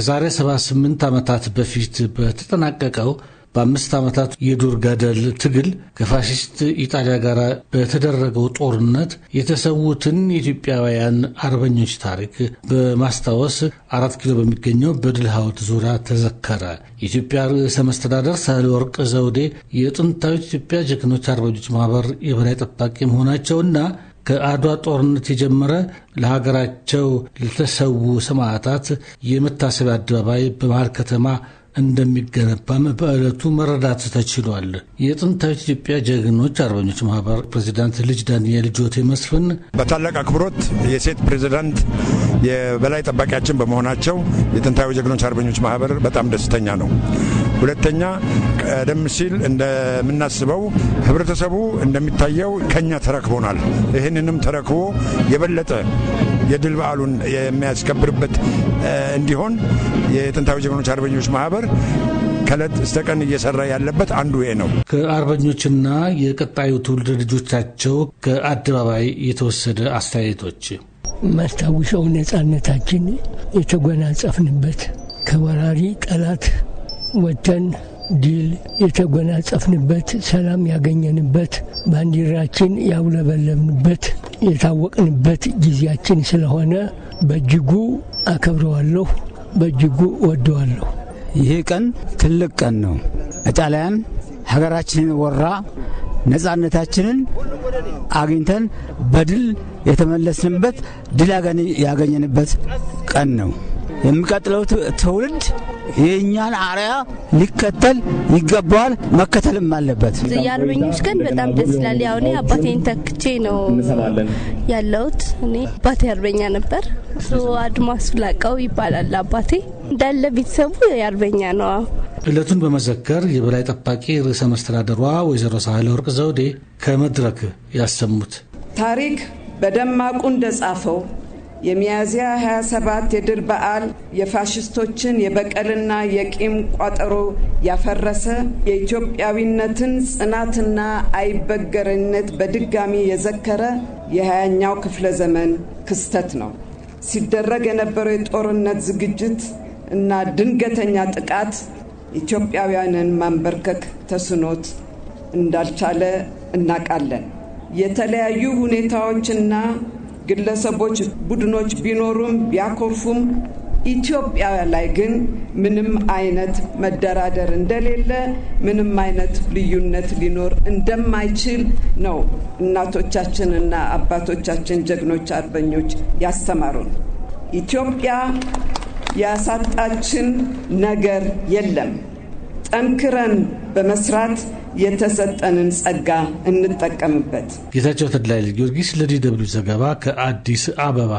ከዛሬ 78 ዓመታት በፊት በተጠናቀቀው በአምስት ዓመታት የዱር ገደል ትግል ከፋሽስት ኢጣሊያ ጋር በተደረገው ጦርነት የተሰዉትን የኢትዮጵያውያን አርበኞች ታሪክ በማስታወስ አራት ኪሎ በሚገኘው በድል ሐውልት ዙሪያ ተዘከረ። የኢትዮጵያ ርዕሰ መስተዳደር ወርቅ ዘውዴ የጥንታዊ ኢትዮጵያ ጀግኖች አርበኞች ማህበር የበላይ ጠባቂ መሆናቸውና ከአድዋ ጦርነት የጀመረ ለሀገራቸው ለተሰዉ ሰማዕታት የመታሰቢያ አደባባይ በመሃል ከተማ እንደሚገነባም በዕለቱ መረዳት ተችሏል። የጥንታዊት ኢትዮጵያ ጀግኖች አርበኞች ማህበር ፕሬዚዳንት ልጅ ዳንኤል ጆቴ መስፍን በታላቅ አክብሮት የሴት ፕሬዚዳንት የበላይ ጠባቂያችን በመሆናቸው የጥንታዊ ጀግኖች አርበኞች ማህበር በጣም ደስተኛ ነው። ሁለተኛ ቀደም ሲል እንደምናስበው ህብረተሰቡ እንደሚታየው ከኛ ተረክቦናል። ይህንንም ተረክቦ የበለጠ የድል በዓሉን የሚያስከብርበት እንዲሆን የጥንታዊ ጀግኖች አርበኞች ማህበር ከእለት እስተ ቀን እየሰራ ያለበት አንዱ ይሄ ነው። ከአርበኞችና የቀጣዩ ትውልድ ልጆቻቸው ከአደባባይ የተወሰደ አስተያየቶች ማስታውሰው ነፃነታችን የተጎናጸፍንበት ከወራሪ ጠላት ወጥተን ድል የተጎናጸፍንበት፣ ሰላም ያገኘንበት፣ ባንዲራችን ያውለበለብንበት፣ የታወቅንበት ጊዜያችን ስለሆነ በእጅጉ አከብረዋለሁ፣ በእጅጉ ወደዋለሁ። ይህ ቀን ትልቅ ቀን ነው። ጣሊያን ሀገራችንን ወራ ነጻነታችንን አግኝተን በድል የተመለስንበት ድል ያገኘንበት ቀን ነው። የሚቀጥለው ትውልድ የእኛን አርያ ሊከተል ይገባዋል፣ መከተልም አለበት። የአርበኞች ቀን በጣም ደስ ይላል። ያው እኔ አባቴን ተክቼ ነው ያለሁት። እኔ አባቴ አርበኛ ነበር። እሱ አድማሱ ላቀው ይባላል። አባቴ እንዳለ ቤተሰቡ የአርበኛ ነው። ዕለቱን በመዘከር የበላይ ጠባቂ ርዕሰ መስተዳደሯ ወይዘሮ ሳህለ ወርቅ ዘውዴ ከመድረክ ያሰሙት ታሪክ በደማቁ እንደጻፈው የሚያዝያ 27 የድል በዓል የፋሽስቶችን የበቀልና የቂም ቋጠሮ ያፈረሰ የኢትዮጵያዊነትን ጽናትና አይበገረኝነት በድጋሚ የዘከረ የ20ኛው ክፍለ ዘመን ክስተት ነው። ሲደረግ የነበረው የጦርነት ዝግጅት እና ድንገተኛ ጥቃት ኢትዮጵያውያንን ማንበርከክ ተስኖት እንዳልቻለ እናውቃለን። የተለያዩ ሁኔታዎችና ግለሰቦች፣ ቡድኖች ቢኖሩም ቢያኮርፉም ኢትዮጵያ ላይ ግን ምንም አይነት መደራደር እንደሌለ ምንም አይነት ልዩነት ሊኖር እንደማይችል ነው እናቶቻችንና አባቶቻችን ጀግኖች አርበኞች ያስተማሩን። ኢትዮጵያ ያሳጣችን ነገር የለም። ጠንክረን በመስራት የተሰጠንን ጸጋ እንጠቀምበት። ጌታቸው ተድላ ጊዮርጊስ ለዲ ደብልዩ ዘገባ ከአዲስ አበባ